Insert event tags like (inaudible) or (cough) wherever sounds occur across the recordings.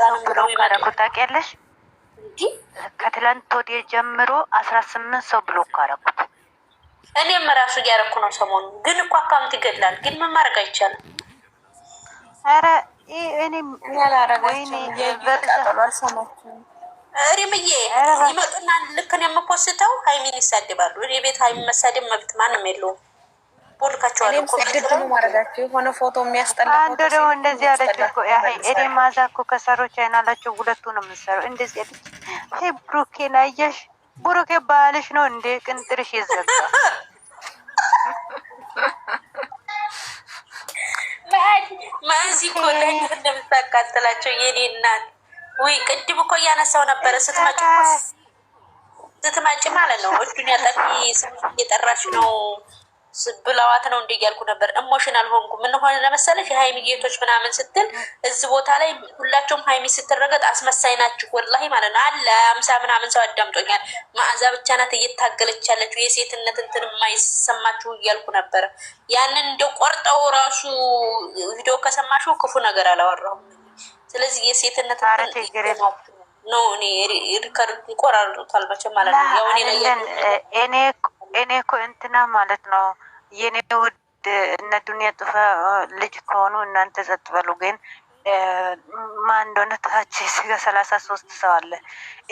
ዝም ብሎ ታውቂያለሽ? ከትላንት ወዲያ ጀምሮ አስራ ስምንት ሰው ብሎክ አረኩት። እኔም ራሱ እያረኩ ነው ሰሞኑን። ግን እኮ አካውንት ይገድላል። ግን ምን ማድረግ አይቻልም። ኧረ እኔም ሪምዬ ይመጡና ልክ ነው የምፖስተው ሀይሚን ይሳደባሉ። እኔ ቤት ሀይሚን መሳደብ መብት ማንም የለውም። ቦልካቸዋለሁ። ፎቶ የሚያስጠላ አንድ ደግሞ እንደዚህ አለች እኮ እኔ ማዛ እኮ ነው የምንሰራው። ቅንጥርሽ ይዘጋ ማዚ እኮ ቅድም እኮ እያነሳው ነበረ ስትመጭ ስትመጭ ማለት ነው እጁን ያጠፊ ስም እየጠራሽ ነው ብለዋት ነው እንደ እያልኩ ነበር። ኢሞሽናል ሆንኩ። ምን ሆነ ለመሰለሽ የሀይሚ ጌቶች ምናምን ስትል እዚህ ቦታ ላይ ሁላቸውም ሀይሚ ስትረገጥ አስመሳይ ናችሁ ወላሂ ማለት ነው አለ አምሳ ምናምን ሰው አዳምጦኛል። መዓዛ ብቻ ናት እየታገለች ያለችው የሴትነት እንትን የማይሰማችሁ እያልኩ ነበር ያንን እንደ ቆርጠው ራሱ ቪዲዮ ከሰማሽው ክፉ ነገር አላወራሁም። ስለዚህ የሴትነት ነው እኔ ሪከርድ ይቆራርጡታል መቼም ማለት ነው ያው እኔ ላይ እኔ እኮ እንትና ማለት ነው የኔ ውድ እነ ዱኒያ ጥፋ ልጅ ከሆኑ እናንተ ጸጥ በሉ። ግን ማን እንደሆነ ታች ስገ ሰላሳ ሶስት ሰው አለ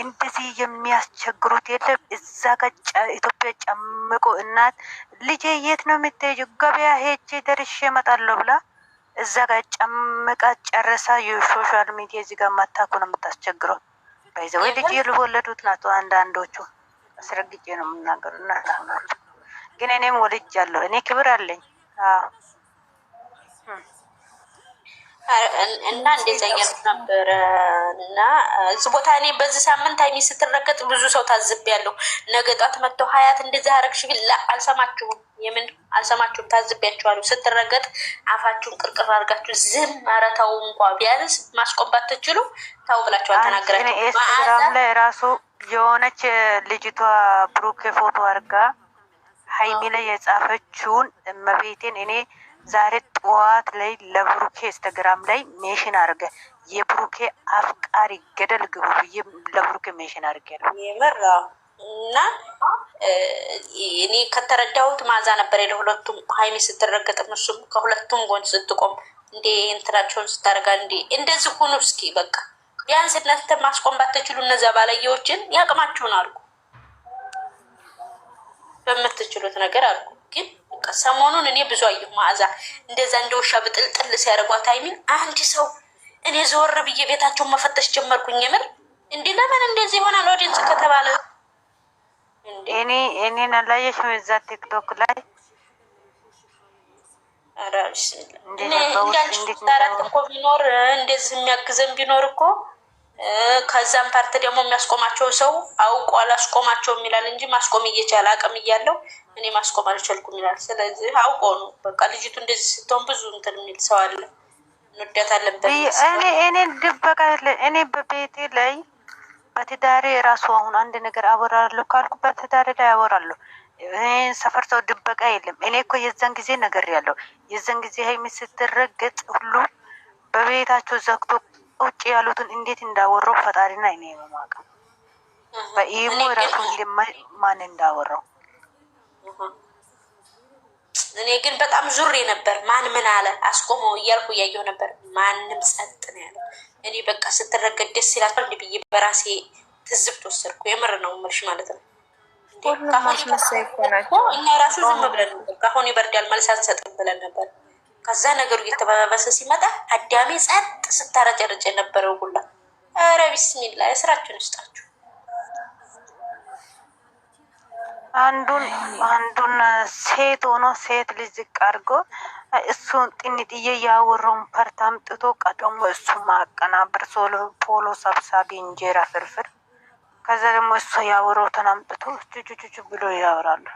እንደዚህ የሚያስቸግሩት የለም። እዛ ጋር ኢትዮጵያ ጨምቆ እናት ልጄ የት ነው የምትሄጁ? ገበያ ሄጄ ደርሼ እመጣለሁ ብላ እዛ ጋር ጨምቃ ጨረሳ። የሶሻል ሚዲያ እዚህ ጋ ማታኮ ነው የምታስቸግረው። ባይዘወይ ልጅ የልወለዱት ናቸው አንዳንዶቹ አስረግጬ ነው የምናገረው። እናታምናለ ግን እኔም ወድጃለሁ። እኔ ክብር አለኝ እና እንደዛ እያልኩ ነበረ እና እዚህ ቦታ እኔ በዚህ ሳምንት ሀይሚ ስትረገጥ ብዙ ሰው ታዝቤያለሁ። ነገ ጧት መጥተው ሀያት እንደዚህ አረግሽ ቢል አልሰማችሁም፣ የምን አልሰማችሁም፣ ታዝቤያችኋለሁ። ስትረገጥ አፋችሁን ቅርቅር አድርጋችሁ ዝም አረታው እንኳ ቢያንስ ማስቆባት ትችሉ ታው ብላችኋል። ተናገራችሁ ማዛ ላይ ራሱ የሆነች ልጅቷ ብሩክ ፎቶ አድርጋ ሀይሚ ላይ የጻፈችውን እመቤቴን እኔ ዛሬ ጠዋት ላይ ለብሩኬ ኢንስተግራም ላይ ሜሽን አድርገ የብሩኬ አፍቃሪ ገደል ግቡ ብዬ ለብሩኬ ሜሽን አድርገ ነው እና እኔ ከተረዳሁት ማዛ ነበር ለሁለቱም ሀይሚ ስትረገጥም እሱም ከሁለቱም ጎን ስትቆም እንዴ እንትናቸውን ስታደርጋ እንዴ እንደዚህ ሁኑ እስኪ በቃ ቢያንስ እናንተ ማስቆም ባትችሉ እነዚያ ባለየዎችን ያቅማችሁን አድርጉ፣ በምትችሉት ነገር አድርጉ። ግን ሰሞኑን እኔ ብዙ አየሁ። መዓዛ እንደዛ እንደ ውሻ ብጥልጥል ሲያደርጓ ታይሚን አንድ ሰው እኔ ዘወር ብዬ ቤታቸውን መፈተሽ ጀመርኩኝ። የምር እንዲህ ለምን እንደዚህ ይሆናል? ኦዲንስ ከተባለ እኔ እኔን አላየሽም? እዛ ቲክቶክ ላይ እንዴት ነው ታራት እኮ ቢኖር እንደዚህ የሚያግዘን ቢኖር እኮ ከዛም ፓርት ደግሞ የሚያስቆማቸው ሰው አውቆ አላስቆማቸውም ይላል እንጂ ማስቆም እየቻለ አቅም እያለው እኔ ማስቆም አልቻልኩም ይላል። ስለዚህ አውቆ ነው በቃ ልጅቱ እንደዚህ ስትሆን ብዙ እንትን የሚል ሰው አለ። እንወዳታለን እኔ ድበቃ እኔ በቤቴ ላይ በትዳሬ ራሱ አሁን አንድ ነገር አወራለሁ ካልኩ በትዳሬ ላይ አወራለሁ። ሰፈር ሰው ድበቃ የለም። እኔ እኮ የዛን ጊዜ ነገር ያለው የዛን ጊዜ ሀይሚ ስትረገጥ ሁሉ በቤታቸው ዘግቶ ውጭ ያሉትን እንዴት እንዳወራው ፈጣሪና እኔ የማውቀው በኢሞ ራሱ እንደማይ ማን እንዳወራው። እኔ ግን በጣም ዙሬ ነበር። ማን ምን አለ አስቆመው እያልኩ እያየው ነበር። ማንም ጸጥ ነው ያለ። እኔ በቃ ስትረገድ ደስ ይላቸው እንዲ ብዬ በራሴ ትዝብት ወሰድኩ። የምር ነው መልሽ ማለት ነው። እኛ ራሱ ዝም ብለን ነበር። አሁን ይበርዳል መልስ አንሰጥም ብለን ነበር። ከዛ ነገሩ እየተባባሰ ሲመጣ አዳሜ ጸጥ ስታረጨረጭ የነበረው ሁላ ኧረ ቢስሚላ የስራችሁን ይስጣችሁ። አንዱን አንዱን ሴት ሆኖ ሴት ልጅ አድርጎ እሱን ጥንጥዬ ያወራውን ፓርት አምጥቶ ቀደሞ እሱ ማቀናበር ሶሎ ፖሎ ሰብሳቢ እንጀራ ፍርፍር ከዛ ደግሞ እሱ ያወራውን አምጥቶ ቹቹቹቹ ብሎ ያወራሉ።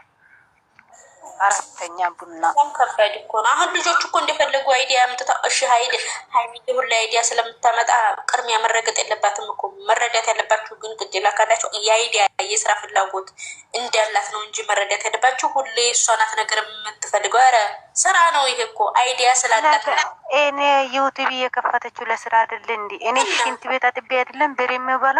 አራተኛ ቡና ከባድ እኮ ነው። አሁን ልጆች እኮ እንደፈለጉ አይዲያ ምጥታ እሺ፣ ሀይድ ሀይድ ሁላ አይዲያ ስለምታመጣ ቅድሚያ መረገጥ የለባትም እኮ መረዳት ያለባችሁ ግን ግዴላ ካላቸው የአይዲያ የስራ ፍላጎት እንዳላት ነው እንጂ መረዳት ያለባችሁ ሁሌ እሷ ናት ነገር የምትፈልገው። ኧረ ስራ ነው ይሄ እኮ አይዲያ ስላላት እኔ ዩቲዩብ የከፈተችው ለስራ አይደለ እንዲ እኔ ሽንት ቤት አጥቤ አይደለም ብር የሚበላ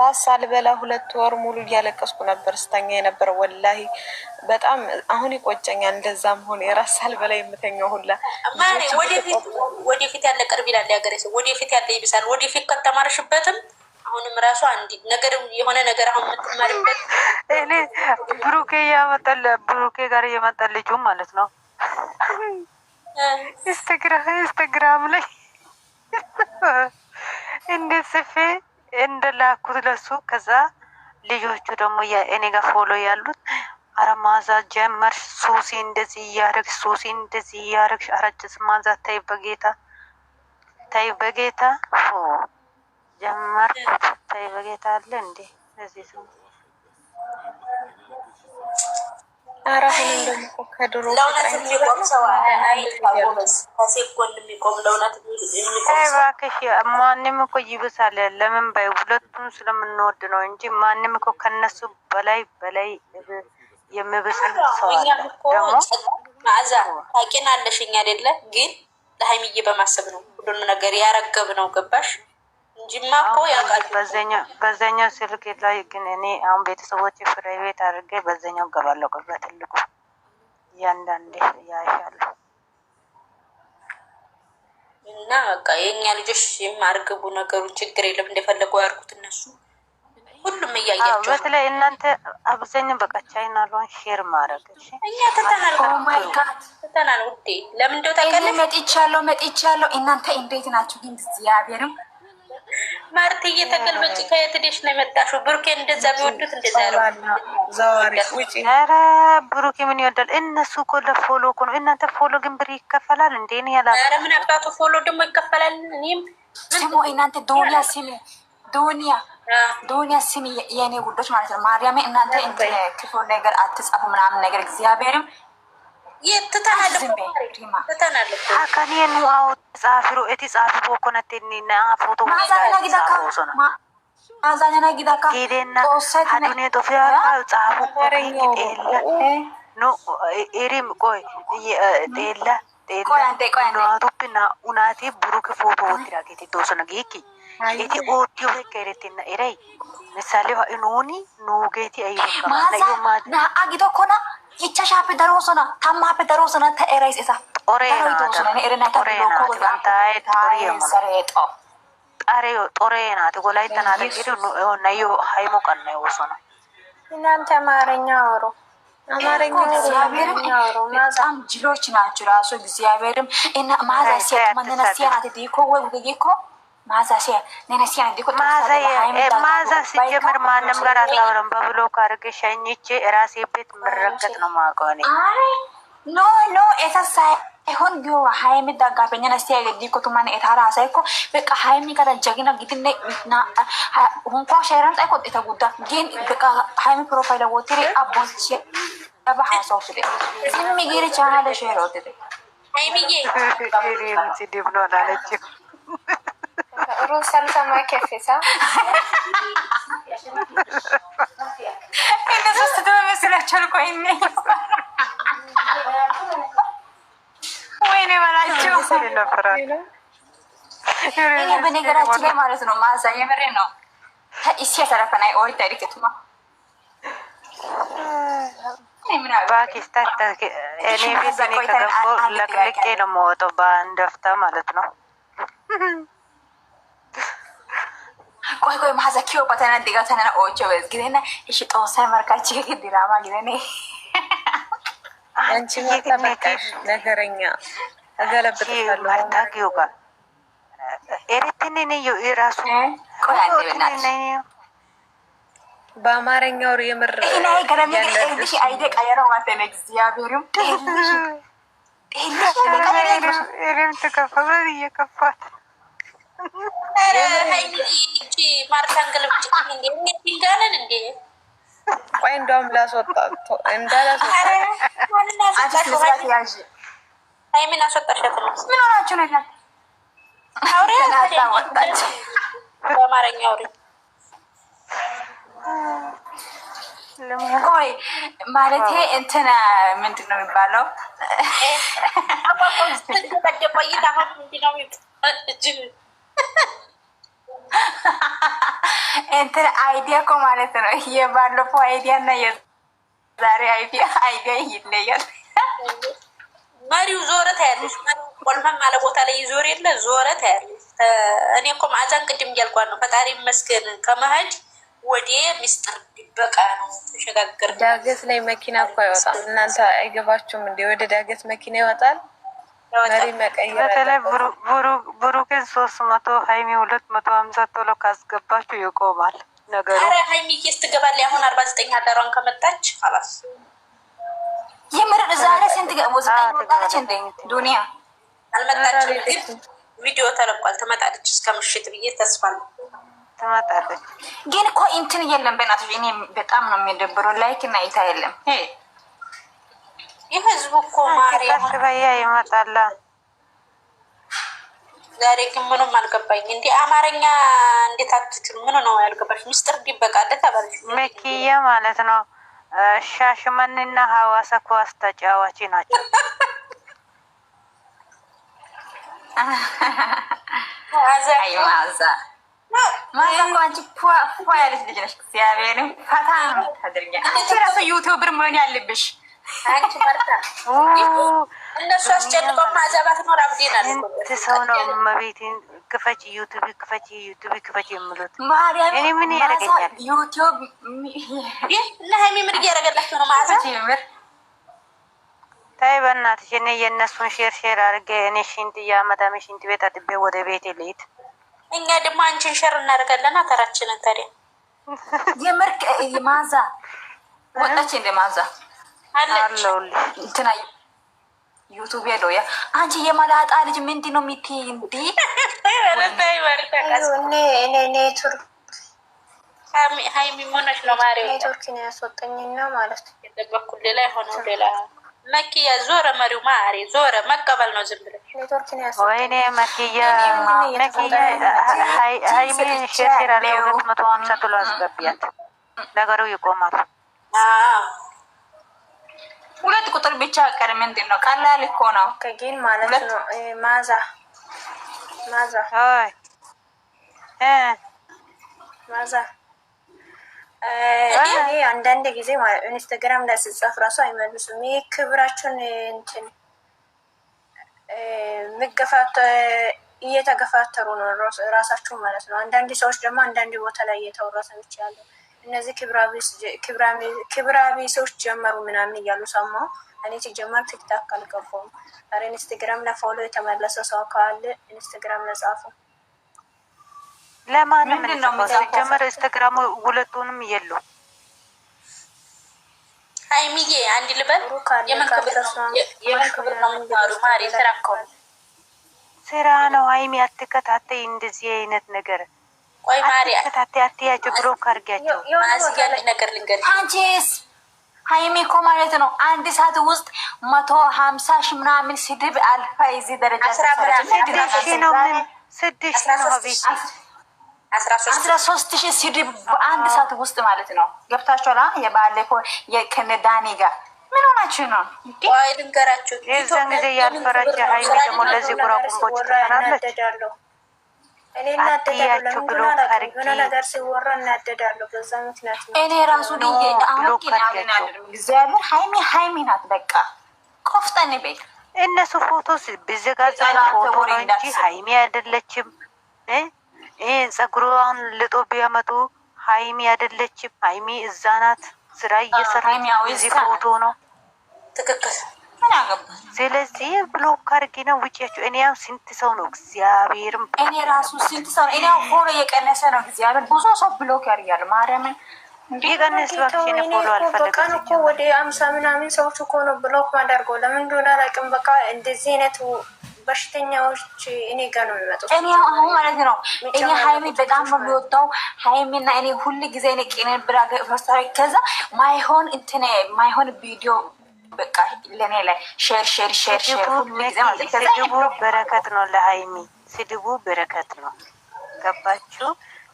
ራስ አልበላ ሁለት ወር ሙሉ እያለቀስኩ ነበር ስተኛ የነበረ ወላሂ፣ በጣም አሁን ይቆጨኛል። እንደዛ ሆነ የራስ አልበላ የምተኛው ሁላ ወደፊት ያለ ቅርብ ይላል ያገሬ ሰው፣ ወደፊት ያለ ይብሳል። ወደፊት ከተማርሽበትም አሁንም ራሱ አንድ ነገር የሆነ ነገር አሁን የምትማርበት እኔ ብሩኬ እያመጣል ብሩኬ ጋር እየመጣል ልጁም ማለት ነው ኢንስተግራም ላይ እንደ ጽፌ እንደላኩት ለሱ። ከዛ ልጆቹ ደግሞ እኔ ጋር ፎሎ ያሉት አረ ማዛ ጀመርሽ ሱሲ እንደዚህ እያረግሽ ሱሲ እንደዚህ እያረግሽ አረጅስ ማዛ ታይ በጌታ ታይ በጌታ ጀመርኩት ታይ በጌታ አለ እንዴ እዚህ ሰው ማንም እኮ ይብሳል። ለምን ባይ ሁለቱም ስለምንወድ ነው እንጂ ማንም እኮ ከነሱ በላይ በላይ የምብስ ሰው ማዕዛ ታውቂናለሽ። አይደለ ግን ለሀይሚዬ በማሰብ ነው ሁሉንም ነገር ያረገብ ነው ገባሽ? በዛኛው ስልክ ላይ ግን እኔ አሁን ቤተሰቦች ፍራይ አድርጌ በዛኛው ገባለሁ። በትልቁ እያንዳንዴ ያይሻሉ እና በቃ የእኛ ልጆች የማርግቡ ነገሩ ችግር የለም እንደፈለጉ ያርጉት እነሱ ሁሉም እያያቸው። በተለይ እናንተ አብዛኛው በቃ ቻይና ሎን ሼር ማድረግ እኛ ተተናልተተናል ትተናል። ውዴ ለምን እንደው ታውቂያለሽ፣ መጥቻለሁ መጥቻለሁ። እናንተ እንዴት ናችሁ ግን? እግዚአብሔርም ማርት እየተገልበጭ ከየት ሄደሽ ነው የመጣሽው? ብሩኬ እንደዛ ቢወዱት እንደዛ ኧረ ብሩኬ ምን ይወዳል? እነሱ እኮ ለፎሎ እኮ ነው። እናንተ ፎሎ ግን ብር ይከፈላል እንዴ? ያላ ኧረ ምን አባቱ ፎሎ ደግሞ ይከፈላል። እኔም ስሙ እናንተ ዶኒያ ስሙ ዶኒያ ዶኒያ ስሚ የእኔ ጉዶች ማለት ነው። ማርያም እናንተ ክፉ ነገር አትጻፉ ምናምን ነገር እግዚአብሔርም ምሳሌ ኑኒ ኑጌቲ አይ ማዛ ና አጊቶ ኮና Ichashaappe daroosona. Tammaappe daroosona. Ta erais isa. xoree naati wolaytta naati gidi nayo haymo qanna yoosona እናንተ አማርኛ አውሩ። አማርኛ በጣም ጅሎች ናቸው። ራሱ እግዚአብሔርም እና ማዛ ሲያ ማንነሲያ ናት ዲኮ ወይ ዲኮ ማዛ ሲጀምር ማንም ጋር አታወራም። በብሎክ አድርገሽ ሸኝቼ እራሴ ቤት መረገጥ ነው የማውቀው እኔ። ኖ ኖ የተሳ ይሆን ጊዮ ሀይሚ ደጋፊኛ ነስ ዲኮቱማ ኤታ ራሳ ኮ በቃ ሀይሚ ከረ ጀግና ግትነ ሁንኳ ሸራን ጣይኮ ተጉዳ ግን በቃ ሀይሚ ፕሮፋይል ወትሪ አቦች ባሰው ስለ ዝም ጊር ቻናለ ሸሮት ሀይሚዬ ስድብ ነው አላለችም በነገራችን ላይ ማለት ነው ማዛ የምሬ ነው። እስኪ ተረፈና ኦሪ ታሪክቱማ ፓኪስታን እኔ ቤት ነው የምወጣው በአንድ አፍታ ማለት ነው። ቆይ ቆይ ማዘኪዮ ባተና ዲጋተና ኦቾ በዝ ግዜና እሺ ጦሳ መርካች ዲራማ ግዜኔ አንቺ ተመጣሽ ነገረኛ እገለብጥሻለሁ። መርዳጊዮ ጋር ኤሬትንን የራሱ በአማርኛው የምር አይደቃ ቆይ እንደውም ላስወጣት ምን አስወጣሻት? እንትን ምንድን ነው የሚባለው? እንትን አይዲያ እኮ ማለት ነው። የባለፈው አይዲያ እና የዛሬ አይዲያ ይለያል። መሪው ዞረ ታያለሽ። ቆልፈን ማለ ቦታ ላይ ይዞር የለ ዞረ ታያለሽ። እኔ እኮ ማዕዛን ቅድም እያልኳት ነው። ፈጣሪ መስገን ከመሀጅ ወደ ሚስጥር ሊበቃ ነው ተሸጋገር። ዳገት ላይ መኪና እኮ አይወጣም። እናንተ አይገባችሁም እንዴ? ወደ ዳገት መኪና ይወጣል። በተለይ ብሩኬን ሶስት መቶ ሀይሚ ሁለት መቶ ሀምሳ ቶሎ ካስገባችሁ ይቆማል ነገሩ። ሀይሚ ስትገባል አሁን አርባ ዘጠኝ አዳሯን ከመጣች ላስ የምር ዛሬ ስንት ወጣች እንደ ዱኒያ አልመጣችም፣ ግን ቪዲዮ ተለቋል። ትመጣለች እስከ ምሽት ብዬ ተስፋ ትመጣለች ግን እኮ እንትን የለም። በእናቶች እኔ በጣም ነው የሚደብረው። ላይክ እና እይታ የለም። የህዝቡ እኮ ማርያም በያ ይመጣል። ዛሬ ግን ምንም አልገባኝ። እንዲ አማርኛ እንዴት አትችሉ? ምን ነው ያልገባሽ? ምስጢር ቢበቃለት አባለች መኪዬ ማለት ነው። ሻሽመኔና ሀዋሳ ኳስ ተጫዋች ናቸው። ያለች ልጅ ነሽ። እግዚአብሔርን ፈታ ነው የምታደርጊ። አንቺ ራሱ ዩቱበር መሆን ያለብሽ እነሱ አስጨንቀው ማዛባት ኖር አብዴናንት ሰው ነው መቤቴን ክፈች ዩቱብ ክፈች ዩቱብ ክፈች የምሉት እኔ ምን ያደረገኛል? ዩቱብ እና ሀይሚ ምን እያደረገላቸው ነው? ማዛ ታይ በእናትሽ፣ እኔ የእነሱን ሼር ሼር አድርጌ እኔ ሽንት እያመጣሚ ሽንት ቤት አጥቤ ወደ ቤቴ ልሂድ። እኛ ደግሞ አንቺን ሼር እናደርጋለና ተራችንን ታዲያ (laughs) የምርቅ ማዛ ወጣች እንደ ማዛ እንትና ዩቱብ ያለው ያ አንቺ የመላጣ ልጅ ምንድን ነው የምትይ? እንዲ ነገሩ ይቆማል። ሁለት ቁጥር ብቻ ቀር ምንድን ነው? ቀላል እኮ ነው። ከጊን ማለት ነው። ማዛ ማዛ ማዛ እኔ አንዳንድ ጊዜ ኢንስታግራም ላይ ስጻፍ ራሱ አይመልሱም። ይህ ክብራችሁን እንትን ምገፋተ እየተገፋተሩ ነው ራሳችሁ ማለት ነው። አንዳንድ ሰዎች ደግሞ አንዳንድ ቦታ ላይ እየተወረሰ ብቻ ያለው እነዚህ ክብራቤሶች ጀመሩ ምናምን እያሉ ሰማሁ። እኔ ሲጀመር ቲክታክ አልገባሁም። ኧረ ኢንስትግራም ለፎሎ የተመለሰ ሰው ካለ ኢንስትግራም ለጻፉ ለማንም ሲጀመር ኢንስትግራም ሁለቱንም የሉ። ሀይሚዬ አንድ ልበል ስራ ነው። ሀይሚ አትከታተይ እንደዚህ አይነት ነገር ቆይ ማሪያ አትያቸው ብሎክ አድርጊያቸው። ማስያል ነገር ልንገርሽ አንቺስ ሀይሚ እኮ ማለት ነው አንድ ሰዓት ውስጥ መቶ ሀምሳ ሺህ ምናምን ስድብ አልፋ እዚህ ደረጃ አስራ ሶስት ሺህ ስድብ በአንድ ሰዓት ውስጥ ማለት ነው። ገብታችኋል? የባለፈው ጋር ምን ሆናችሁ ነው? ልንገራችሁ የዛን ጊዜ ሀይሚ ደግሞ ለዚህ አትያቸው ብሎ ከርጌ እኔ ራሱ ብሎ እግዚአብሔር ሀይሚ ሀይሚ ናት። በቃ ቆፍጠን ቤት እነሱ ፎቶ ብዘጋዘ ፎቶ ነው እንጂ ሀይሚ አይደለችም። ይህን ጸጉሯን ልጦ ቢያመጡ ሀይሚ አይደለችም። ሀይሚ እዛ ናት ስራ እየሰራች እዚህ ፎቶ ነው ትክክል ስለዚህ ብሎክ አድርጌ ነው ውጪያችሁ። እኔ ያው ስንት ሰው ነው እግዚአብሔር፣ እኔ ራሱ ስንት ሰው ነው እኔ ያው ፎሎ የቀነሰ ነው እግዚአብሔር፣ ብዙ ሰው ብሎክ ያርያል ማርያምን የቀነስ ባክሽን ፎሎ አልፈለገም እኮ ወደ አምሳ ምናምን ሰዎች እኮ ነው ብሎክ ማደርገው። ለምን እንደሆነ አላውቅም። በቃ እንደዚህ አይነት በሽተኛዎች እኔ ጋር ነው የሚመጡት። እኔ አሁን ማለት ነው እኔ ሀይሚ በጣም ነው የሚወጣው ሀይሚና እኔ ሁል ጊዜ እኔ ቄንን ብላ ከዛ ማይሆን እንትን ማይሆን ቪዲዮ በቃ ለእኔ ላይ ሼር ሼር ሼር ሼር ስድቡ በረከት ነው። ለሀይሚ ስድቡ በረከት ነው። ገባችሁ?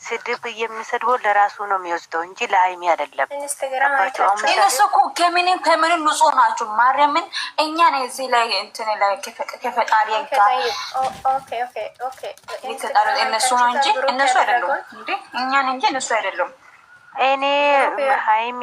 ስድብ የሚሰድበው ለራሱ ነው የሚወስደው እንጂ ለሀይሚ አይደለም። እነሱ እኮ ከምንም ከምንም ንጹህ ናችሁ። ማርያምን እኛ ነው እዚህ ላይ እንትን ላይ ከፈጣሪ ጋር እነሱ ነው እንጂ እነሱ አይደሉም። እኛን እንጂ እነሱ አይደሉም። እኔ ሀይሚ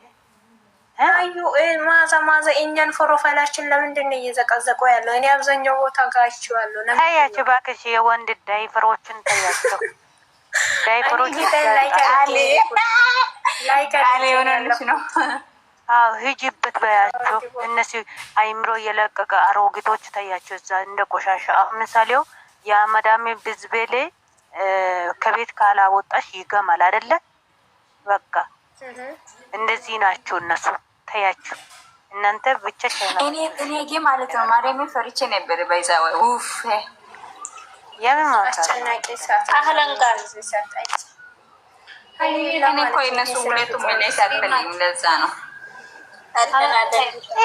አዩ ማዛ ማዛ እኛን ፕሮፋይላችን ለምንድን ነው እየዘቀዘቀው ያለው? እኔ አብዛኛው ቦታ ጋችዋለሁ። ታያችሁ እባክሽ የወንድ ዳይፈሮችን ታያቸው። ዳይፈሮች ነው። አዎ ሂጂበት በያቸው። እነሱ አይምሮ የለቀቀ አሮጊቶች ታያቸው እዛ እንደ ቆሻሻ። ምሳሌው የአመዳሜ ብዝቤሌ ከቤት ካላወጣሽ ይገማል አይደለ? በቃ እንደዚህ ናቸው እነሱ። ተያችሁ እናንተ ብቻ እኔ ማለት ነው ማርያምን ፈሪቼ ነበር። በይዛ ውፍ የምን ማለት እነሱ ለዛ ነው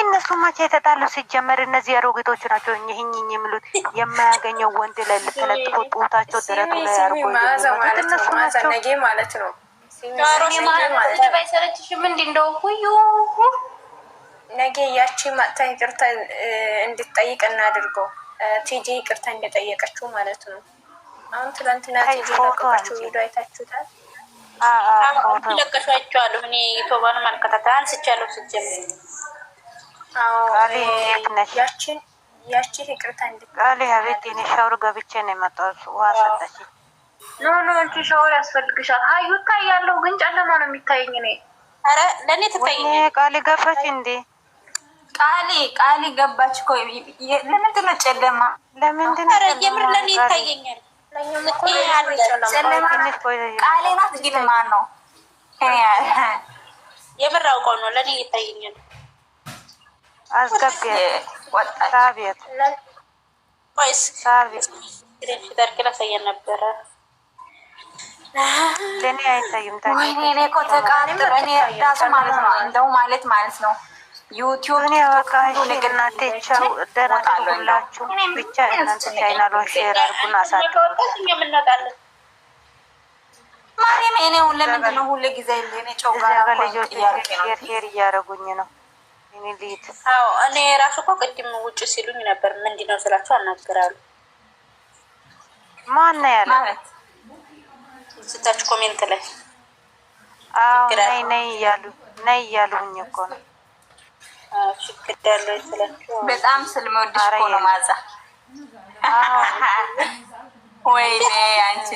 እነሱ መቼ የተጣሉ ሲጀመር፣ እነዚህ አሮጌቶቹ ናቸው እኝህኝ የሚሉት የማያገኘው ወንድ ላይ ልትለጥፉ ጡታቸው ድረቱ ላይ ያርጎ እነሱ ናቸው ማለት ነው። አይሰለችሽም? እንደ እንደው ሁዩ ነገ ያቺ ማጥታ ይቅርታ እንድትጠይቅ እናድርገው። ቲጂ ይቅርታ እንደጠየቀችው ማለት ነው። አሁን ትላንትና ቲጂ ለቀቀችው ቪዲዮ አይታችሁታል። ለቀሻቸዋለሁ እኔ ቶባን ማልከታታ አንስቻለሁ። ስጀምር ያቺን ያቺ ይቅርታ እንድትጠይቅ አቤት። እኔ ሻወር ገብቼ ነው የመጣሁት። ውሃ ሰጠችኝ ኖ ኖ አንቺ ሻወር ያስፈልግሻል። ሀዩ እታያለሁ ግን ጨለማ ነው የሚታየኝ እኔ። ኧረ ለእኔ ትታይኝ። ቃሌ ገባች እንዴ? ቃሌ ቃሌ ገባች እኮ። ለምንድን ነው ጨለማ? ለምንድን ነው የምር? ለእኔ ይታየኛል። ቃሌ ናት ግን ማን ነው? የምር አውቀው ነው። ለእኔ ይታየኛል። አስገቢ ሳቤት ሳቤት ፊደርግላ ሳየን ነበረ ለእኔ አይታይም። ወይኔ እኔ እኮ ተቃጥሎ እኔ እራሱ ማለት ነው እንደው ማለት ማለት ነው ዩቲዩብ እኔ በቃ ንግናቴ ቻው ደህና ብቻ እናንተ ቻይናሏን ሼር አድርጉን አሳድ ማሪም እኔ ሁሌ ነው ሁሌ ጊዜ እኔ ጨው ልጆች ሄር እያደረጉኝ ነው። እኔ ራሱ እኮ ቅድም ውጭ ሲሉኝ ነበር። ምንድን ነው ስላችሁ አናግራሉ ማን ነው ያለ ስታች ኮሜንት ላይ ነይ ነይ እያሉ ነይ እያሉኝ እኮ ነው። በጣም ስለምወድሽ እኮ ነው። ማዛ ወይኔ አንቺ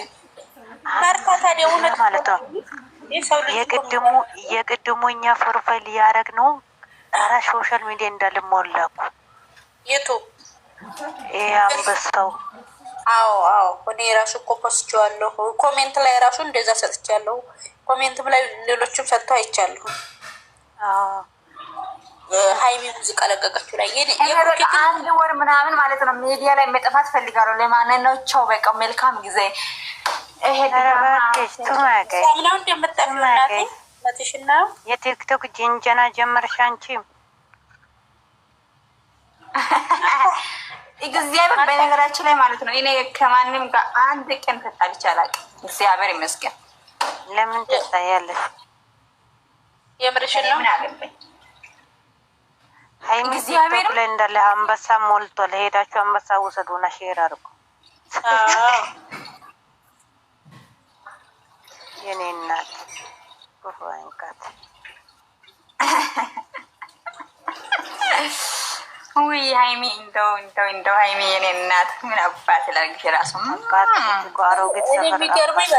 ማርታ ታዲያ እውነት ማለት ነው። የቅድሙ የቅድሙ እኛ ፕሮፋይል እያደረግ ነው። ኧረ ሶሻል ሚዲያ እንዳልሞላኩ የቱ ይሄ አንበሳው አዎ አዎ፣ እኔ ራሱ እኮ ፖስቼዋለሁ። ኮሜንት ላይ ራሱ እንደዛ ሰጥቻለሁ። ኮሜንትም ላይ ሌሎችም ሰጥቶ አይቻለሁ። ሀይሚ ሙዚቃ ለቀቀችው ላይ አንድ ወር ምናምን ማለት ነው። ሚዲያ ላይ መጠፋት ፈልጋለሁ። ለማንነቸው በቃ መልካም ጊዜ ይሄድምናው እንደምጠቅምናት የቲክቶክ ጅንጀና ጀመርሽ አንቺ (laughs) እግዚአብሔር በነገራችን ላይ ማለት ነው እኔ ከማንም ጋር አንድ ቀን ተጣልቼ አላውቅም። እግዚአብሔር ይመስገን። ለምን ትጣያለሽ? የምርሽን ነው። ሀይሚ ቲክቶክ ላይ እንዳለ አንበሳ ሞልቷል። ሄዳችሁ አንበሳ ውሰዱና ሼር አድርጉ። የኔ እናት ጉፋ (laughs) ውይ ሀይሚ እንደው እንደው እንደው ሀይሚ የኔ እናት ምን አባት ላርግሽ ራሱ የሚገርመኝ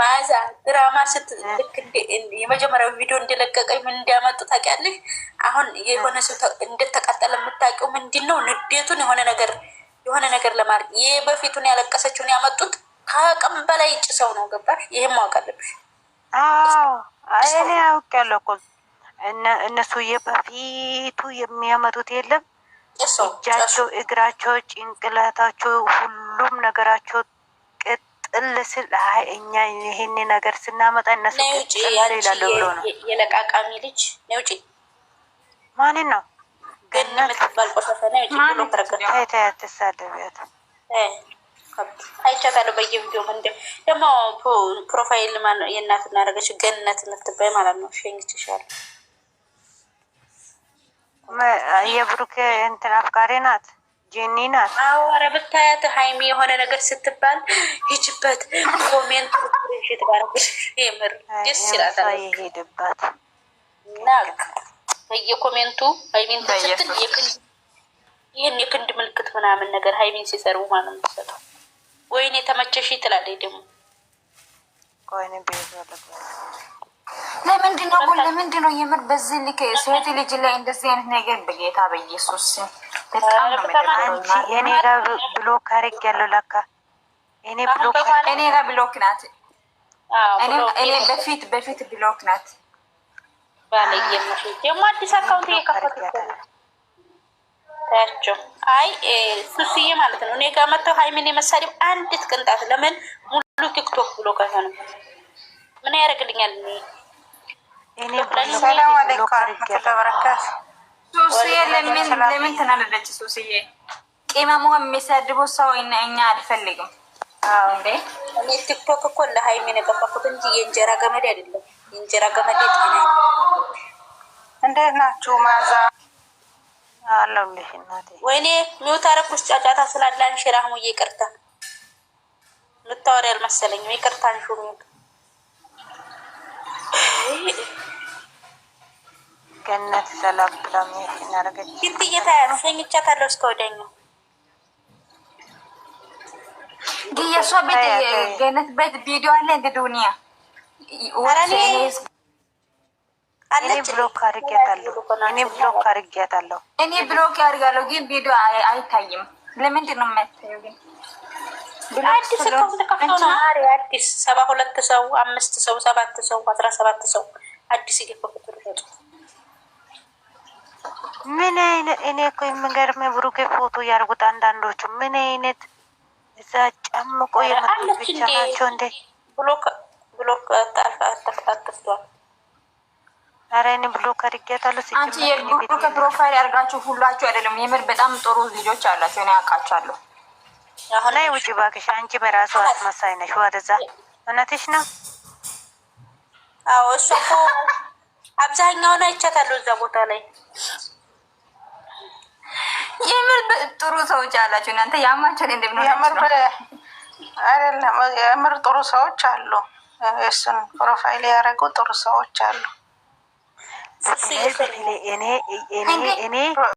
ማዛ ድራማ ስት ልክ የመጀመሪያው ቪዲዮ እንደለቀቀ ምን እንዲያመጡ ታውቂያለሽ? አሁን የሆነ ሰው እንደተቃጠለ የምታውቂው ምንድን ነው? ንዴቱን የሆነ ነገር የሆነ ነገር ለማድረግ ይህ በፊቱን ያለቀሰችውን ያመጡት ከአቅም በላይ ጭሰው ነው። ገባሽ? ይህም ማወቅ አለብሽ። አዎ እኔ እኮ እነሱ የበፊቱ የሚያመጡት የለም። እጃቸው፣ እግራቸው፣ ጭንቅላታቸው፣ ሁሉም ነገራቸው ቅጥል ስል እኛ ይህን ነገር ስናመጣ እነሱ ቅጥል ይላሉ ብሎ ነው። የለቃቃሚ ልጅ ነውጭ ማንን ነው ገነት የምትባል ቆሻሻ ተሳደቢያት አይቻታለሁ። በየቪዲዮ መንደ ደግሞ ፕሮፋይል የእናት እናደረገች ገነት የምትባይ ማለት ነው። ሸኝችሻለሁ የብሩክ እንትን አፍቃሪ ናት፣ ጂኒ ናት። አዋረ ብታያት ሀይሚ የሆነ ነገር ስትባል ሂጅበት ኮሜንት ሽት ባረጉሽ በየኮሜንቱ ሀይሚን ስትል ይህን የክንድ ምልክት ምናምን ነገር ሀይሚን ሲሰሩ ማን የምትሰጠው? ወይኔ ተመቸሽ ትላለች ደግሞ ለ ለምንድነው ነው የምር በዚህ ልክ ሴት ልጅ ላይ እንደዚህ አይነት ነገር በጌታ በኢየሱስ የኔ ጋር ብሎክ አድርግ ያለው ለካ እኔ ብሎክ እኔ ጋር ብሎክ ናት። እኔ በፊት በፊት ብሎክ ናት። ደግሞ አዲስ አካውንት እየከፈትኩ ታያቸው አይ ሱስዬ ማለት ነው። እኔ ጋር መጥተው ሀይሚን የመሳደብ አንዲት ቅንጣት ለምን ሙሉ ቲክቶክ ብሎክ አይሆንም? ምን ያደርግልኛል? ሰላም አለይኩም ተበረካት ሱስዬ፣ ለምን ለምን ትናለች ሱስዬ? ቂመሙ የሚሰድቡ ሰው እኛ አልፈልግም። እኔ ቲክቶክ እኮ ለሀይሚ ነው የገባኩት እንጂ የእንጀራ ገመድ አይደለም። የእንጀራ ገመድ ጤና። እንዴት ናችሁ? ማዛ አለሁልሽ እናቴ። ወይኔ ሚውት አደረኩሽ ጫጫታ ስላለ አንሺ። ራህሙ ይቅርታ፣ ምታወሪ አልመሰለኝም። ይቅርታ አንሹ ሚውት ገነት ሰላም ብላ ናረገች ፊት እየታያሉ ሸኝቻታለሁ። እስከ ወዲያኛው የእሷ ቤት ገነት ቤት ቪዲዮ አለ እንደ እኔ ብሎክ አድርጌያታለሁ። እኔ ብሎክ አድርጌያታለሁ። እኔ ብሎክ አድርጋለሁ፣ ግን ቪዲዮ አይታይም። ለምንድን ነው የማይታየው ግን? አዲስ እኮ ነው። አዲስ ሰባ ሁለት ሰው አምስት ሰው ሰባት ሰው አስራ ሰባት ሰው አዲስ እየከፈቱ ምን አይነት እኔ እኮ የምንገርም ብሩኬ ፎቶ አንዳንዶቹ ምን አይነት እዛ ጨምቆ የመጡት ብቻ ናቸው። እንዴ ብሎክ ብሎክ ኧረ እኔ ብሎክ አድርጌያታለሁ። አንቺ የብሩኬ ፕሮፋይል ያርጋችሁ ሁላችሁ አይደለም። የምር በጣም ጥሩ ልጆች አላቸው። እኔ አውቃቸዋለሁ አሁን ውጭ እባክሽ። አንቺ በራሱ አስመሳይ ነሽ። ወደዛ እውነትሽ ነው። አዎ እሱ እኮ አብዛኛውን አይቻታለሁ እዛ ቦታ ላይ። የምር ጥሩ ሰዎች አላችሁ እናንተ። ያማቸን እንደ የምር ጥሩ ሰዎች አሉ። እሱን ፕሮፋይል ያደረጉ ጥሩ ሰዎች አሉ። እኔ እኔ